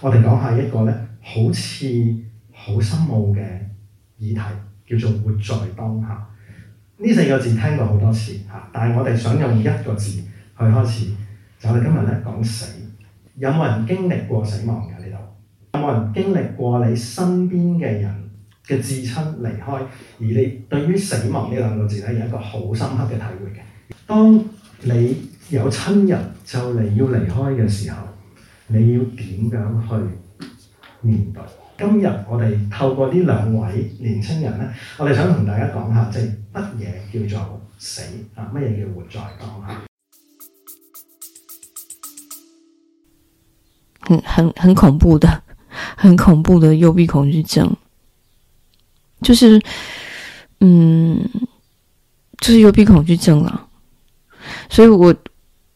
我哋講下一個呢，好似好深奧嘅議題，叫做活在當下。呢四個字聽過好多次，但係我哋想用一個字去開始。就我、係、今日咧講死，有冇有人經歷過死亡嘅？呢度有冇有人經歷過你身邊嘅人嘅至親離開？而你對於死亡呢兩個字呢，有一個好深刻嘅體會嘅。當你有親人就嚟要離開嘅時候，你要點樣去面對？今日我哋透過呢兩位年輕人咧，我哋想同大家講下，即係乜嘢叫做死啊？乜嘢叫活在當下？很很很恐怖的，很恐怖的幽閉恐懼症，就是，嗯，就是幽閉恐懼症啦、啊。所以我。